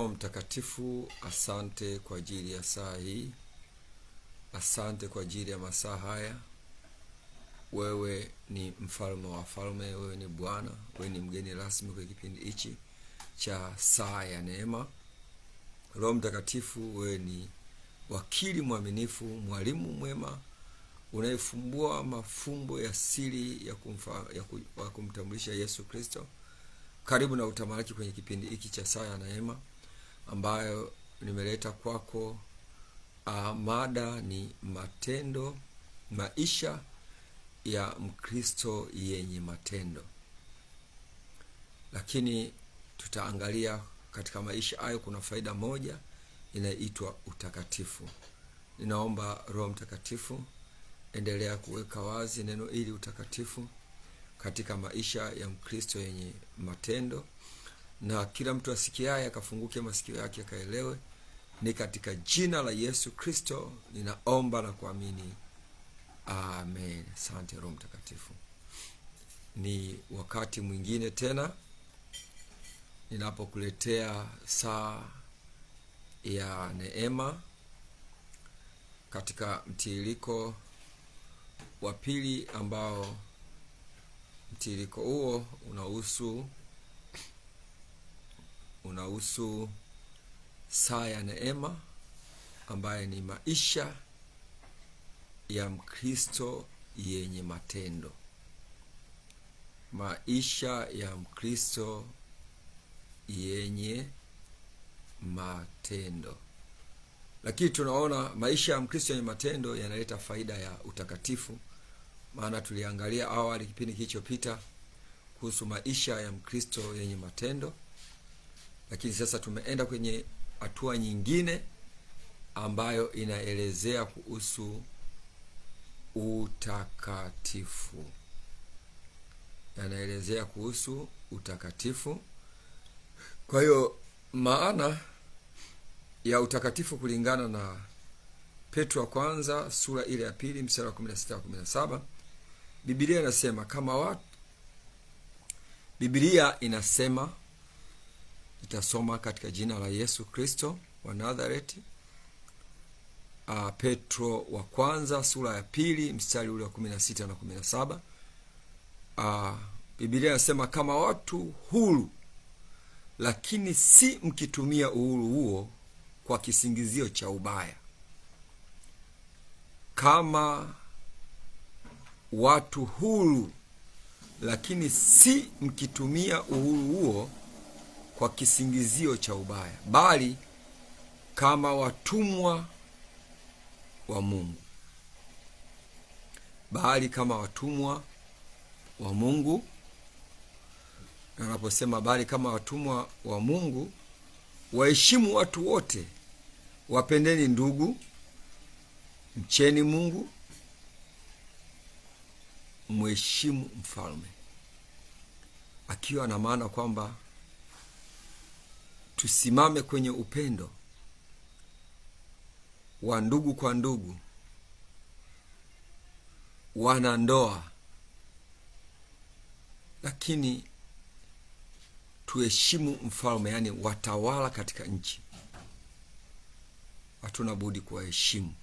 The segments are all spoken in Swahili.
Roho Mtakatifu, asante kwa ajili ya saa hii, asante kwa ajili ya masaa haya. Wewe ni mfalme wa falme, wewe ni Bwana, wewe ni mgeni rasmi kwa kipindi hichi cha saa ya neema. Roho Mtakatifu, wewe ni wakili mwaminifu, mwalimu mwema, unayefumbua mafumbo ya siri ya, kumfa, ya, ku, ya kumtambulisha Yesu Kristo. Karibu na utamalaki kwenye kipindi hiki cha saa ya neema ambayo nimeleta kwako. Uh, mada ni matendo, maisha ya Mkristo yenye matendo, lakini tutaangalia katika maisha hayo kuna faida moja inayoitwa utakatifu. Ninaomba Roho Mtakatifu, endelea kuweka wazi neno ili utakatifu katika maisha ya Mkristo yenye matendo na kila mtu asikiaye akafunguke masikio yake akaelewe. Ni katika jina la Yesu Kristo ninaomba na kuamini, amen. Asante Roho Mtakatifu. Ni wakati mwingine tena ninapokuletea saa ya neema katika mtiririko wa pili ambao mtiririko huo unahusu unahusu saa ya neema ambaye ni maisha ya Mkristo yenye matendo, maisha ya Mkristo yenye matendo. Lakini tunaona maisha ya Mkristo yenye matendo yanaleta faida ya utakatifu, maana tuliangalia awali kipindi kilichopita kuhusu maisha ya Mkristo yenye matendo lakini sasa tumeenda kwenye hatua nyingine ambayo inaelezea kuhusu utakatifu, yanaelezea kuhusu utakatifu. Kwa hiyo maana ya utakatifu kulingana na Petro wa kwanza sura ile ya pili msara wa kumi na saba Biblia inasema kama watu, Biblia inasema Nitasoma katika jina la Yesu Kristo wa Nazareti. Uh, Petro wa kwanza sura ya pili mstari ule wa kumi na sita na kumi na saba. Uh, Biblia inasema kama watu huru, lakini si mkitumia uhuru huo kwa kisingizio cha ubaya, kama watu huru, lakini si mkitumia uhuru huo kwa kisingizio cha ubaya, bali kama watumwa wa Mungu, bali kama watumwa wa Mungu. Na anaposema bali kama watumwa wa Mungu, waheshimu watu wote, wapendeni ndugu, mcheni Mungu, mheshimu mfalme, akiwa na maana kwamba tusimame kwenye upendo wa ndugu kwa ndugu, wana ndoa, lakini tuheshimu mfalme, yaani watawala katika nchi. Hatuna budi kuwaheshimu.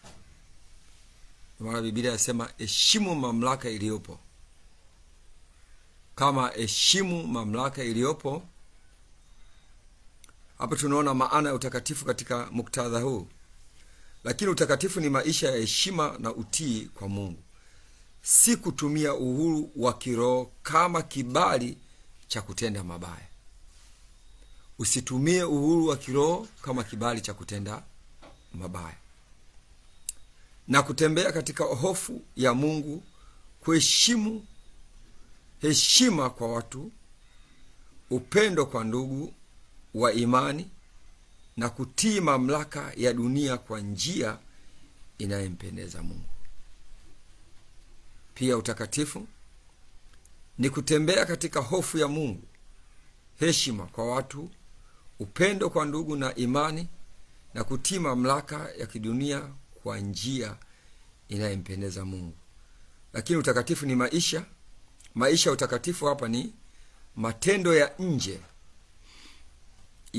Maana Biblia yasema heshimu mamlaka iliyopo. Kama heshimu mamlaka iliyopo hapa tunaona maana ya utakatifu katika muktadha huu, lakini utakatifu ni maisha ya heshima na utii kwa Mungu, si kutumia uhuru wa kiroho kama kibali cha kutenda mabaya. Usitumie uhuru wa kiroho kama kibali cha kutenda mabaya, na kutembea katika hofu ya Mungu, kuheshimu heshima kwa watu, upendo kwa ndugu wa imani na kutii mamlaka ya dunia kwa njia inayempendeza Mungu. Pia utakatifu ni kutembea katika hofu ya Mungu, heshima kwa watu, upendo kwa ndugu na imani na kutii mamlaka ya kidunia kwa njia inayempendeza Mungu. Lakini utakatifu ni maisha. Maisha ya utakatifu hapa ni matendo ya nje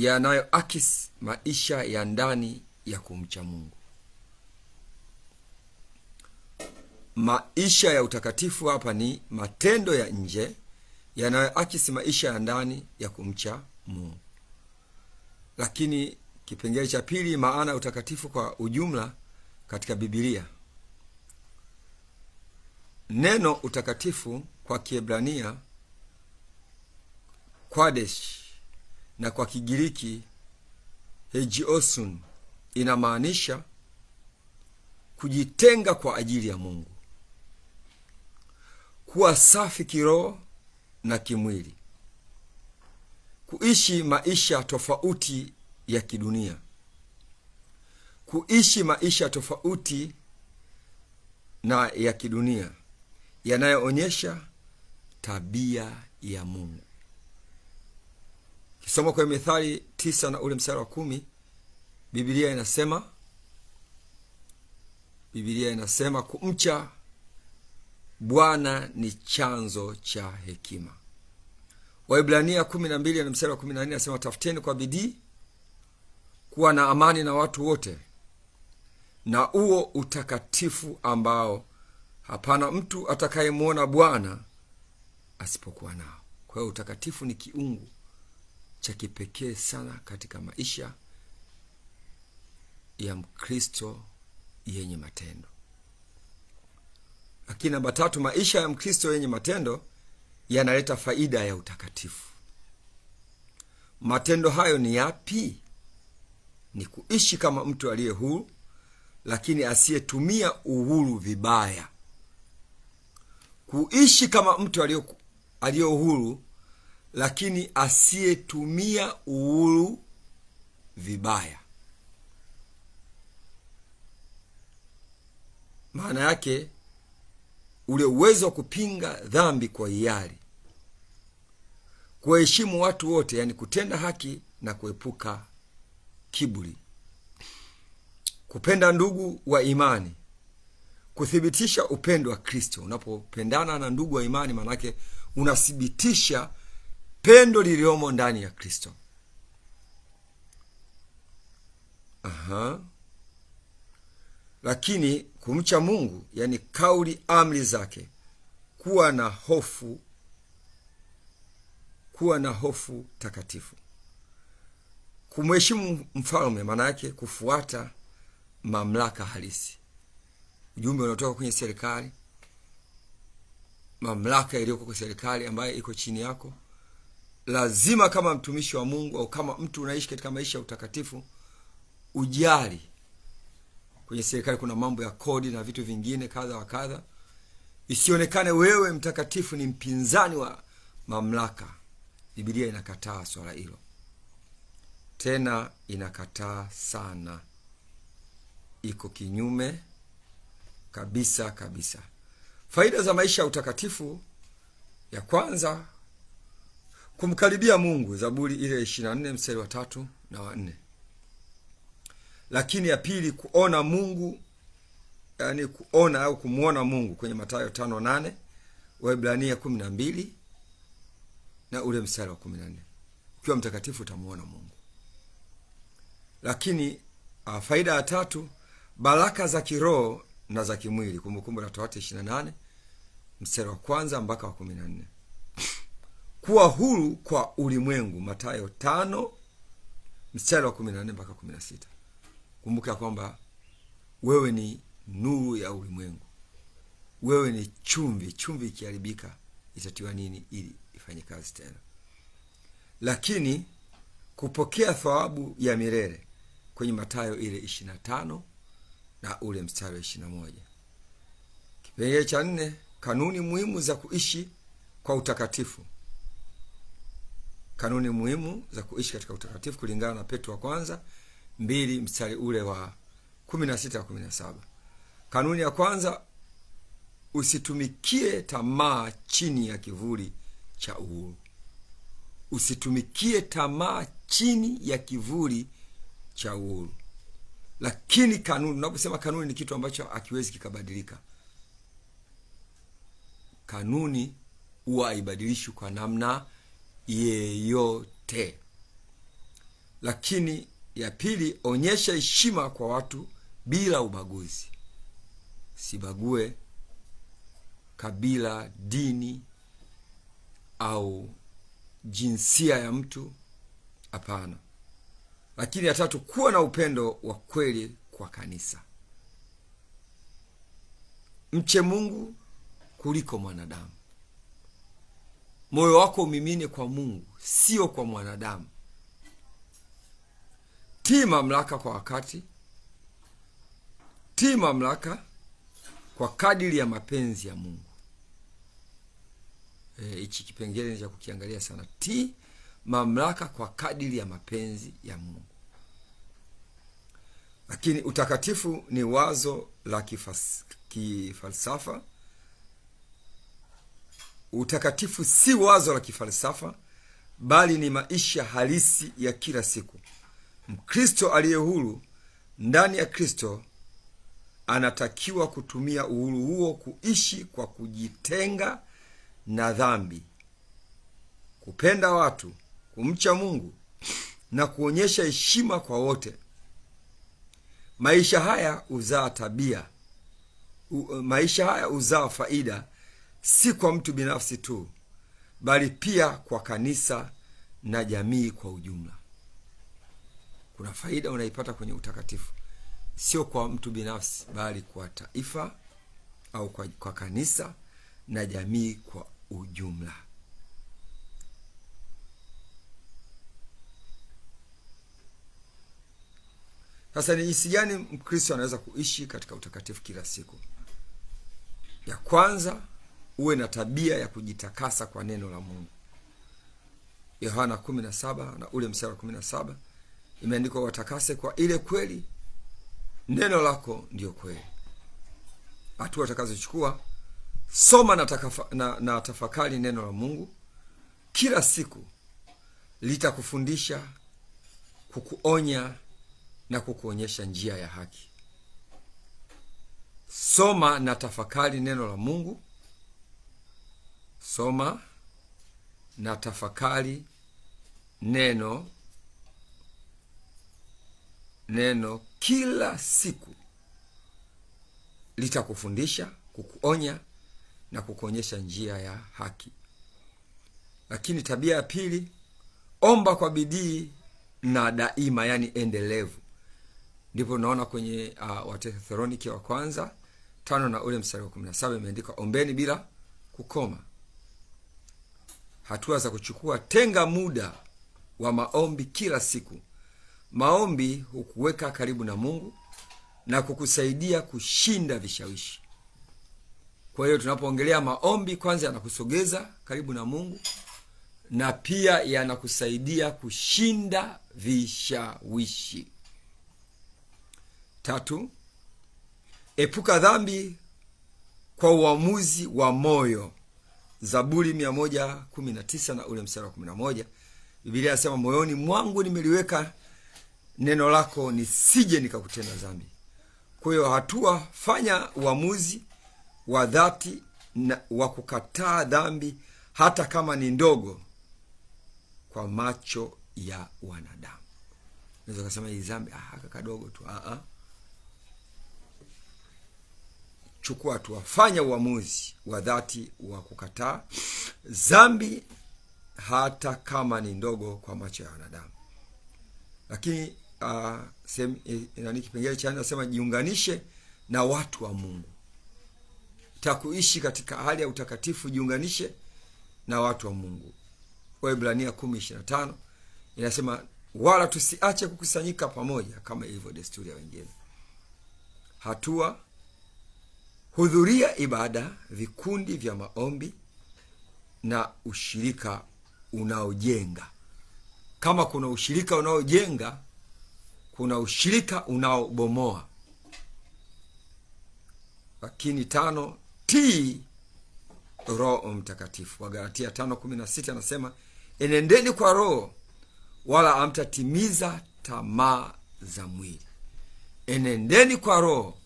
yanayoakisi maisha ya ndani ya kumcha Mungu. Maisha ya utakatifu hapa ni matendo ya nje yanayoakisi maisha ya ndani ya kumcha Mungu. Lakini kipengele cha pili, maana ya utakatifu kwa ujumla katika Bibilia. Neno utakatifu kwa Kiebrania kwadesh na kwa Kigiriki hegiosun inamaanisha kujitenga kwa ajili ya Mungu, kuwa safi kiroho na kimwili, kuishi maisha tofauti ya kidunia, kuishi maisha tofauti na ya kidunia yanayoonyesha tabia ya Mungu. Kisoma kwenye Mithali tisa na ule msara wa kumi Biblia inasema bibilia inasema kumcha Bwana ni chanzo cha hekima. Waibrania kumi na mbili na msara wa kumi na nne anasema tafuteni kwa bidii kuwa na amani na watu wote na uo utakatifu ambao hapana mtu atakayemwona Bwana asipokuwa nao. Kwa hiyo utakatifu ni kiungu cha kipekee sana katika maisha ya Mkristo yenye matendo. Lakini namba tatu, maisha ya Mkristo yenye matendo yanaleta faida ya utakatifu. Matendo hayo ni yapi? Ni kuishi kama mtu aliye huru, lakini asiyetumia uhuru vibaya. Kuishi kama mtu aliye huru lakini asiyetumia uhuru vibaya. Maana yake ule uwezo wa kupinga dhambi kwa hiari, kuwaheshimu watu wote, yani kutenda haki na kuepuka kiburi, kupenda ndugu wa imani, kuthibitisha upendo wa Kristo. Unapopendana na ndugu wa imani, maanake unathibitisha pendo liliomo ndani ya Kristo. Aha. Lakini kumcha Mungu, yani kauli, amri zake, kuwa na hofu, kuwa na hofu takatifu, kumheshimu mfalme, maana yake kufuata mamlaka halisi, ujumbe unaotoka kwenye serikali, mamlaka iliyoko kwa serikali ambayo iko chini yako lazima kama mtumishi wa Mungu au kama mtu unaishi katika maisha ya utakatifu ujali. Kwenye serikali kuna mambo ya kodi na vitu vingine kadha wa kadha, isionekane wewe mtakatifu ni mpinzani wa mamlaka. bibilia inakataa swala hilo, tena inakataa sana, iko kinyume kabisa kabisa. Faida za maisha ya utakatifu ya kwanza kumkaribia Mungu, Zaburi ile ishirini na nne mstari wa tatu na wa nne. Lakini ya pili kuona Mungu, yani kuona au kumwona Mungu kwenye Mathayo tano nane Waibrania kumi na mbili na ule mstari wa kumi na nne. Ukiwa mtakatifu utamwona Mungu. Lakini ah, faida ya tatu, baraka za kiroho na za kimwili, Kumbukumbu la Torati ishirini na nane mstari wa kwanza mpaka wa kumi na nne kuwa huru kwa ulimwengu, Mathayo tano mstari wa kumi na nne mpaka kumi na sita. Kumbuka kwamba wewe ni nuru ya ulimwengu, wewe ni chumvi. Chumvi ikiharibika itatiwa nini ili ifanye kazi tena? Lakini kupokea thawabu ya milele kwenye Mathayo ile ishirini na tano na ule mstari wa ishirini na moja. Kipengele cha nne, kanuni muhimu za kuishi kwa utakatifu kanuni muhimu za kuishi katika utakatifu kulingana na Petro wa kwanza mbili mstari ule wa kumi na sita kumi na saba. Kanuni ya kwanza, usitumikie tamaa chini ya kivuli cha uhuru. Usitumikie tamaa chini ya kivuli cha uhuru. Lakini kanuni, unaposema kanuni, ni kitu ambacho hakiwezi kikabadilika. Kanuni huwa haibadilishwi kwa namna yeyote. Lakini ya pili, onyesha heshima kwa watu bila ubaguzi. Sibague kabila, dini au jinsia ya mtu, hapana. Lakini ya tatu, kuwa na upendo wa kweli kwa kanisa. Mche Mungu kuliko mwanadamu moyo wako umimine kwa Mungu, sio kwa mwanadamu. Tii mamlaka kwa wakati, tii mamlaka kwa kadiri ya mapenzi ya Mungu. Eh, hichi e, kipengele ni cha kukiangalia sana. Tii mamlaka kwa kadiri ya mapenzi ya Mungu. Lakini utakatifu ni wazo la kifalsafa Utakatifu si wazo la kifalsafa, bali ni maisha halisi ya kila siku. Mkristo aliye huru ndani ya Kristo anatakiwa kutumia uhuru huo kuishi kwa kujitenga na dhambi, kupenda watu, kumcha Mungu na kuonyesha heshima kwa wote. Maisha haya huzaa tabia u, maisha haya huzaa faida si kwa mtu binafsi tu, bali pia kwa kanisa na jamii kwa ujumla. Kuna faida unaipata kwenye utakatifu, sio kwa mtu binafsi, bali kwa taifa au kwa, kwa kanisa na jamii kwa ujumla. Sasa ni jinsi gani Mkristo anaweza kuishi katika utakatifu kila siku? Ya kwanza uwe na tabia ya kujitakasa kwa neno la Mungu. Yohana 17 na ule mstari wa 17 imeandikwa, watakase kwa ile kweli, neno lako ndiyo kweli. Hatua utakazochukua soma na, takafa, na, na tafakari neno la Mungu kila siku, litakufundisha kukuonya na kukuonyesha njia ya haki. Soma na tafakari neno la Mungu Soma na tafakari neno neno kila siku, litakufundisha, kukuonya na kukuonyesha njia ya haki. Lakini tabia ya pili, omba kwa bidii na daima, yani endelevu. Ndipo unaona kwenye uh, Watesalonike wa kwanza tano na ule mstari wa kumi na saba imeandikwa ombeni bila kukoma hatua za kuchukua. Tenga muda wa maombi kila siku. Maombi hukuweka karibu na Mungu na kukusaidia kushinda vishawishi. Kwa hiyo tunapoongelea maombi, kwanza yanakusogeza karibu na Mungu na pia yanakusaidia kushinda vishawishi. Tatu, epuka dhambi kwa uamuzi wa moyo. Zaburi mia moja kumi na tisa na ule msara wa kumi na moja Biblia asema moyoni mwangu nimeliweka neno lako, nisije nikakutenda dhambi. Kwa hiyo hatua, fanya uamuzi wa dhati wa kukataa dhambi, hata kama ni ndogo kwa macho ya wanadamu. Unaweza kusema hii dhambi ah, kadogo tu ah, ah chukua hatua, fanya uamuzi wa dhati wa kukataa zambi hata kama ni ndogo kwa macho ya wanadamu. Lakini uh, sehemu e, nani, kipengele cha nasema jiunganishe na watu wa Mungu, takuishi katika hali ya utakatifu, jiunganishe na watu wa Mungu. Waebrania tano inasema wala tusiache kukusanyika pamoja kama ilivyo desturi ya wengine. Hatua hudhuria ibada, vikundi vya maombi na ushirika unaojenga. Kama kuna ushirika unaojenga, kuna ushirika unaobomoa. Lakini tano t Roho Mtakatifu. Wagalatia tano kumi na sita anasema enendeni kwa Roho, wala hamtatimiza tamaa za mwili. Enendeni kwa Roho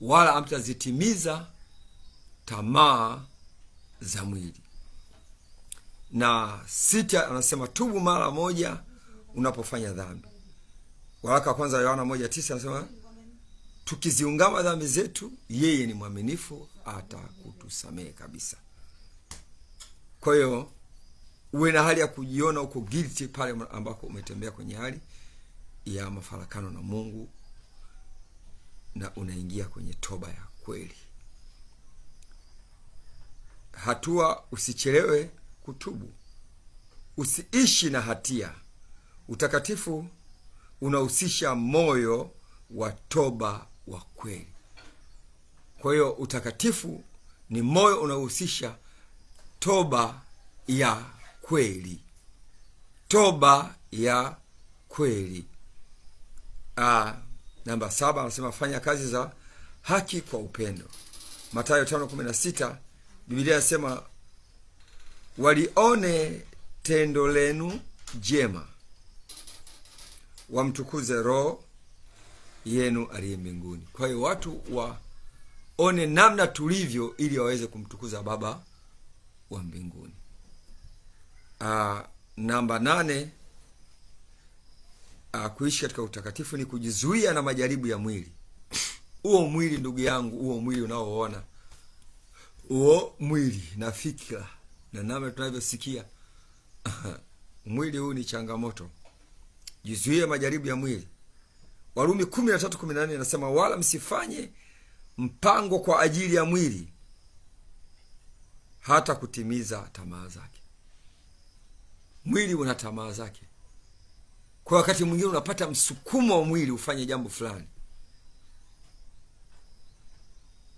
wala hamtazitimiza tamaa za mwili. Na sita anasema tubu mara moja unapofanya dhambi. Waraka wa kwanza wa Yohana moja tisa anasema tukiziungama dhambi zetu, yeye ni mwaminifu atakutusamehe kabisa. Kwa hiyo uwe na hali ya kujiona uko guilty pale ambako umetembea kwenye hali ya mafarakano na Mungu na unaingia kwenye toba ya kweli. Hatua, usichelewe kutubu, usiishi na hatia. Utakatifu unahusisha moyo wa toba wa kweli. Kwa hiyo utakatifu ni moyo unaohusisha toba ya kweli, toba ya kweli. Aa, ah, Namba saba anasema fanya kazi za haki kwa upendo. matayo tano kumi na sita Biblia anasema walione tendo lenu jema, wamtukuze Roho yenu aliye mbinguni. Kwa hiyo watu waone namna tulivyo, ili waweze kumtukuza Baba wa mbinguni. Aa, ah, namba nane uh, kuishi katika utakatifu ni kujizuia na majaribu ya mwili. Huo mwili ndugu yangu, huo mwili unaoona, huo mwili na fikira na namna tunavyosikia mwili huu ni changamoto. Jizuie majaribu ya mwili. Warumi kumi na tatu kumi na nne inasema wala msifanye mpango kwa ajili ya mwili hata kutimiza tamaa zake. Mwili una tamaa zake kwa wakati mwingine unapata msukumo wa mwili ufanye jambo fulani.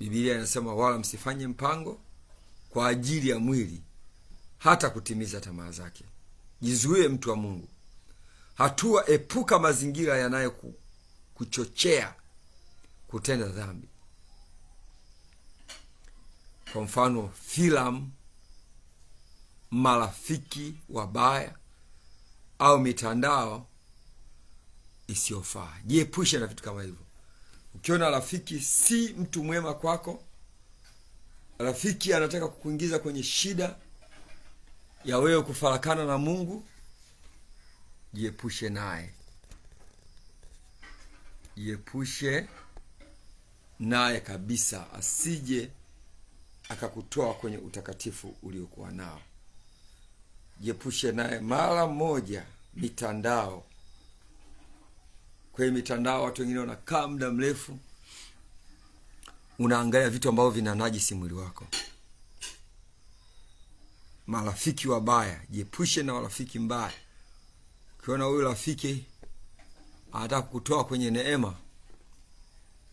bibilia inasema wala msifanye mpango kwa ajili ya mwili hata kutimiza tamaa zake. Jizuie mtu wa Mungu. Hatua, epuka mazingira yanayo kuchochea kutenda dhambi. Kwa mfano, filamu, marafiki wabaya au mitandao isiyofaa. Jiepushe na vitu kama hivyo. Ukiona rafiki si mtu mwema kwako, rafiki anataka kukuingiza kwenye shida ya wewe kufarakana na Mungu, jiepushe naye, jiepushe naye kabisa, asije akakutoa kwenye utakatifu uliokuwa nao. Jiepushe naye mara moja. Mitandao kwenye mitandao, watu wengine wanakaa muda mrefu, unaangalia vitu ambavyo vinanajisi mwili wako. Marafiki wabaya, jiepushe na warafiki mbaya. Ukiona huyu rafiki anataka kutoa kwenye neema,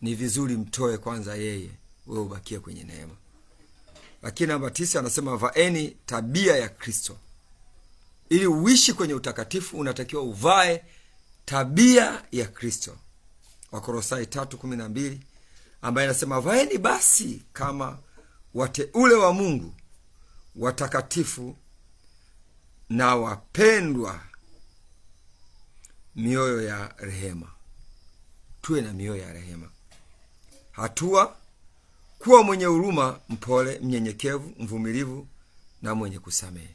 ni vizuri mtoe kwanza yeye, wewe ubakie kwenye neema. Lakini namba tisa anasema vaeni tabia ya Kristo. Ili uishi kwenye utakatifu, unatakiwa uvae tabia ya Kristo, Wakolosai tatu kumi na mbili, ambaye anasema vaeni basi kama wateule wa Mungu watakatifu na wapendwa, mioyo ya rehema. Tuwe na mioyo ya rehema. Hatua: kuwa mwenye huruma, mpole, mnyenyekevu, mvumilivu na mwenye kusamehe.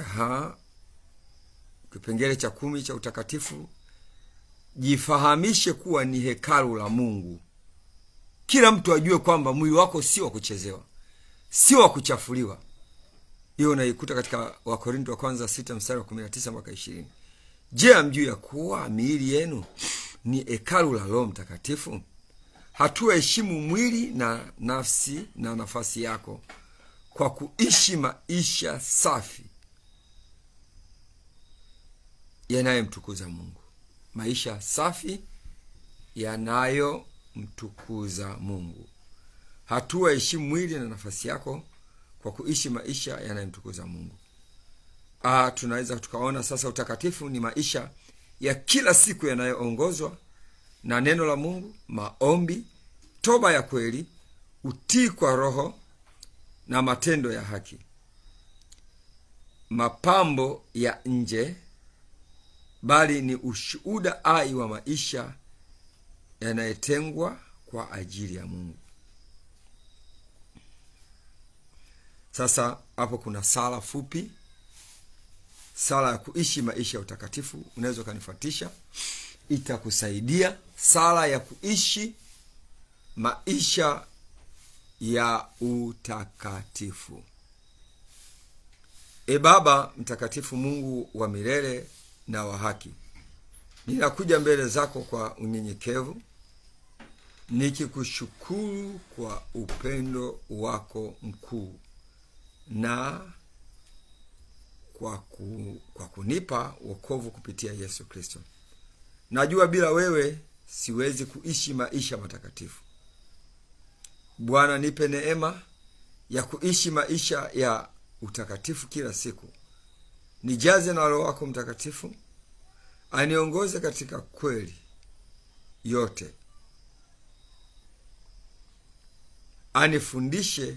Aha kipengele cha kumi cha utakatifu, jifahamishe kuwa ni hekalu la Mungu. Kila mtu ajue kwamba mwili wako sio wa kuchezewa, sio wa kuchafuliwa. Hiyo unaikuta katika Wakorinto wa kwanza sita mstari wa kumi na tisa mpaka ishirini. Je, hamjui ya kuwa miili yenu ni hekalu la Roho Mtakatifu? Hatuheshimu mwili na nafsi na nafasi yako kwa kuishi maisha safi yanayomtukuza Mungu, maisha safi yanayomtukuza Mungu. Hatua heshimu mwili na nafasi yako kwa kuishi maisha yanayomtukuza Mungu. Ah, tunaweza tukaona sasa utakatifu ni maisha ya kila siku yanayoongozwa na neno la Mungu, maombi, toba ya kweli, utii kwa Roho na matendo ya haki. Mapambo ya nje bali ni ushuhuda ai wa maisha yanayetengwa kwa ajili ya Mungu. Sasa hapo kuna sala fupi, sala ya kuishi maisha ya utakatifu. Unaweza ukanifuatisha, itakusaidia. Sala ya kuishi maisha ya utakatifu. E Baba mtakatifu, Mungu wa milele na wa haki. Ninakuja mbele zako kwa unyenyekevu, nikikushukuru kwa upendo wako mkuu na kwa, ku, kwa kunipa wokovu kupitia Yesu Kristo. Najua bila wewe siwezi kuishi maisha matakatifu. Bwana, nipe neema ya kuishi maisha ya utakatifu kila siku nijaze na Roho wako Mtakatifu, aniongoze katika kweli yote, anifundishe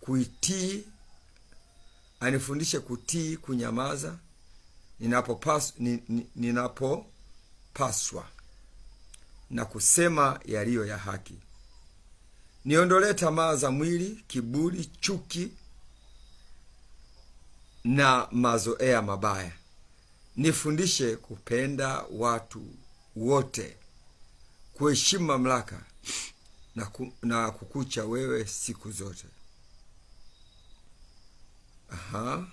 kuitii, anifundishe kutii, kunyamaza ninapopaswa ninapo na kusema yaliyo ya haki. Niondolee tamaa za mwili, kiburi, chuki na mazoea mabaya. Nifundishe kupenda watu wote, kuheshimu mamlaka na, ku, na kukucha wewe siku zote. Aha.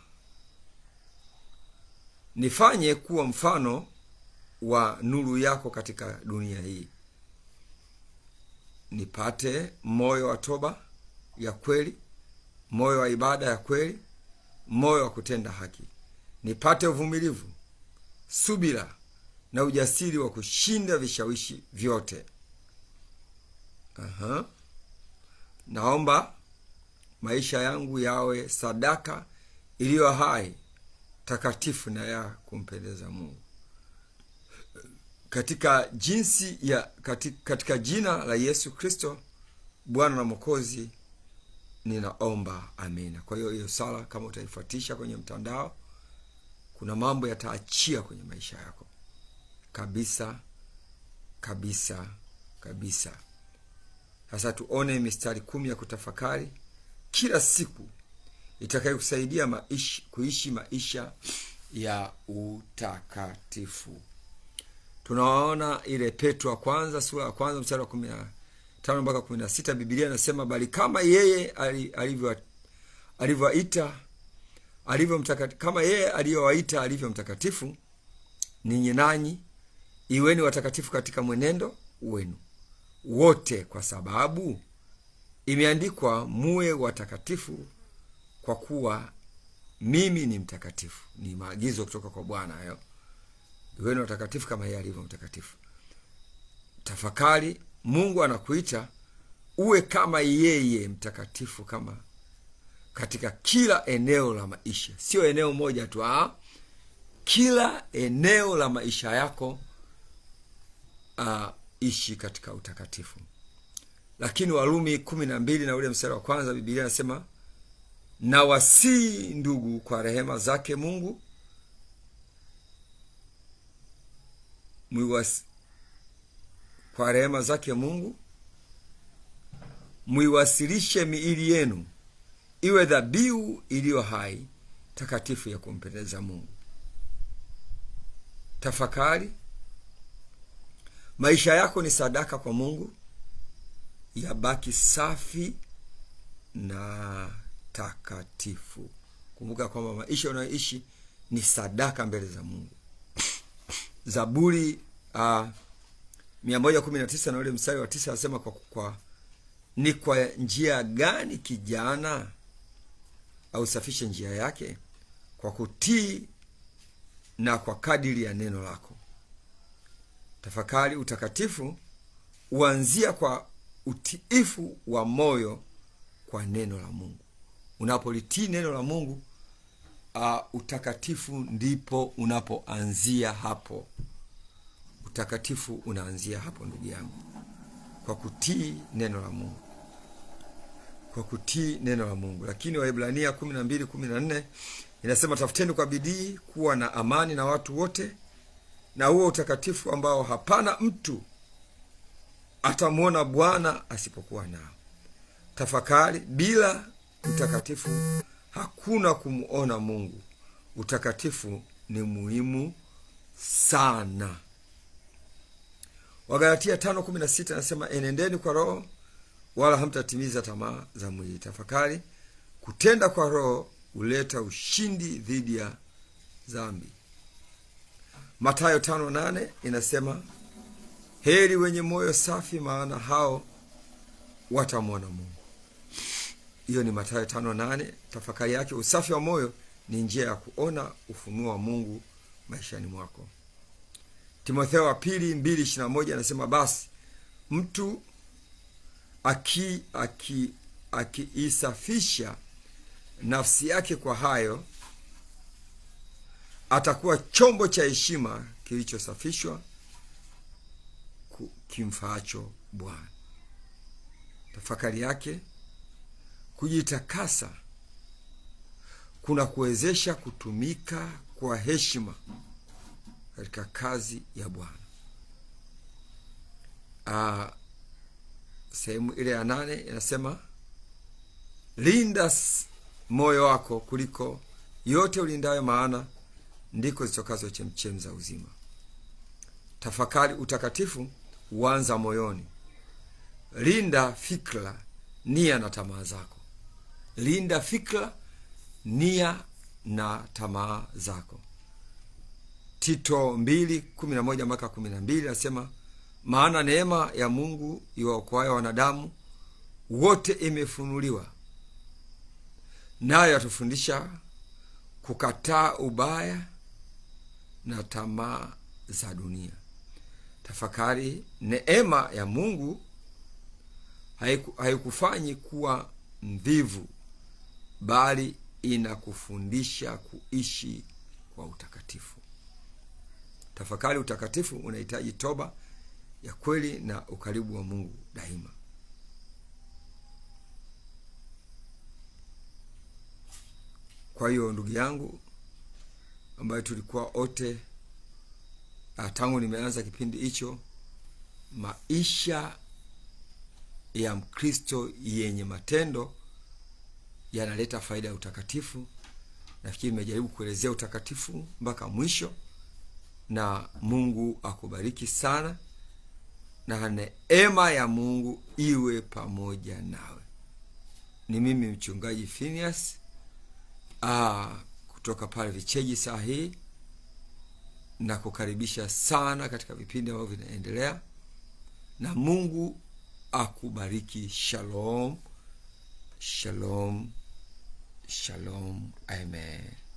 Nifanye kuwa mfano wa nuru yako katika dunia hii. Nipate moyo wa toba ya kweli, moyo wa ibada ya kweli moyo wa kutenda haki, nipate uvumilivu, subira na ujasiri wa kushinda vishawishi vyote. Aha. Naomba maisha yangu yawe sadaka iliyo hai, takatifu na ya kumpendeza Mungu katika jinsi ya katika, katika jina la Yesu Kristo Bwana na Mwokozi ninaomba amina. Kwa hiyo hiyo sala kama utaifuatisha kwenye mtandao, kuna mambo yataachia kwenye maisha yako kabisa kabisa kabisa. Sasa tuone mistari kumi ya kutafakari kila siku itakayokusaidia maishi, kuishi maisha ya utakatifu. Tunaona ile Petro wa kwanza sura ya kwanza mstari wa kumi na tano mpaka kumi na sita bibilia anasema bali kama yeye alivyowaita alivyo kama yeye aliyowaita alivyo mtakatifu, ninyi nanyi iweni watakatifu katika mwenendo wenu wote, kwa sababu imeandikwa, muwe watakatifu kwa kuwa mimi ni mtakatifu. Ni maagizo kutoka kwa Bwana hayo, iweni watakatifu kama yeye alivyo mtakatifu. Tafakari Mungu anakuita uwe kama yeye mtakatifu, kama katika kila eneo la maisha, sio eneo moja tu ah. kila eneo la maisha yako aa, ah, ishi katika utakatifu. Lakini Warumi kumi na mbili na ule msara wa kwanza, bibilia anasema na wasii ndugu kwa rehema zake Mungu kwa rehema zake Mungu, mwiwasilishe miili yenu iwe dhabihu iliyo hai takatifu ya kumpendeza Mungu. Tafakari, maisha yako ni sadaka kwa Mungu, yabaki safi na takatifu. Kumbuka kwamba maisha unayoishi ni sadaka mbele za Mungu. Zaburi uh, mia moja kumi na tisa na ule mstari wa tisa anasema kwa, kwa ni kwa njia gani kijana ausafishe njia yake? Kwa kutii na kwa kadiri ya neno lako. Tafakari utakatifu huanzia kwa utiifu wa moyo kwa neno la Mungu. Unapolitii neno la Mungu, uh, utakatifu ndipo unapoanzia hapo. Utakatifu unaanzia hapo ndugu yangu, kwa kutii neno la Mungu, kwa kutii neno la Mungu. Lakini Waebrania kumi na mbili kumi na nne inasema tafuteni kwa bidii kuwa na amani na watu wote na huo utakatifu ambao hapana mtu atamwona Bwana asipokuwa nao. Tafakari, bila utakatifu hakuna kumwona Mungu. Utakatifu ni muhimu sana. Wagalatia 5:16 anasema enendeni kwa roho wala hamtatimiza tamaa za mwili. Tafakari, kutenda kwa roho huleta ushindi dhidi ya dhambi. Mathayo 5:8 inasema heri wenye moyo safi, maana hao watamwona Mungu. Hiyo ni Mathayo 5:8. Tafakari yake, usafi wa moyo ni njia ya kuona ufunuo wa Mungu maishani mwako. Timotheo wa pili mbili ishirini na moja anasema basi mtu aki aki akiisafisha nafsi yake kwa hayo atakuwa chombo cha heshima kilichosafishwa kimfaacho Bwana. Tafakari yake kujitakasa kuna kuwezesha kutumika kwa heshima katika kazi ya Bwana. Ah, sehemu ile ya nane inasema linda moyo wako kuliko yote ulindayo, maana ndiko zitokazo chemchemi za uzima. Tafakari utakatifu uanza moyoni. Linda fikra, nia na tamaa zako. Linda fikra, nia na tamaa zako. Tito mbili kumi na moja mpaka kumi na mbili nasema maana neema ya Mungu iwaokoayo wanadamu wote imefunuliwa, nayo yatufundisha kukataa ubaya na tamaa za dunia. Tafakari, neema ya Mungu haiku, haikufanyi kuwa mvivu, bali inakufundisha kuishi kwa utakatifu. Tafakari utakatifu unahitaji toba ya kweli na ukaribu wa Mungu daima. Kwa hiyo ndugu yangu, ambayo tulikuwa wote tangu nimeanza kipindi hicho, maisha ya Mkristo yenye matendo yanaleta faida ya utakatifu. Nafikiri nimejaribu kuelezea utakatifu mpaka mwisho na Mungu akubariki sana, na neema ya Mungu iwe pamoja nawe. Ni mimi mchungaji Phineas kutoka pale Vicheji saa hii, na kukaribisha sana katika vipindi ambavyo vinaendelea, na Mungu akubariki. Shalom, shalom, shalom. Amen.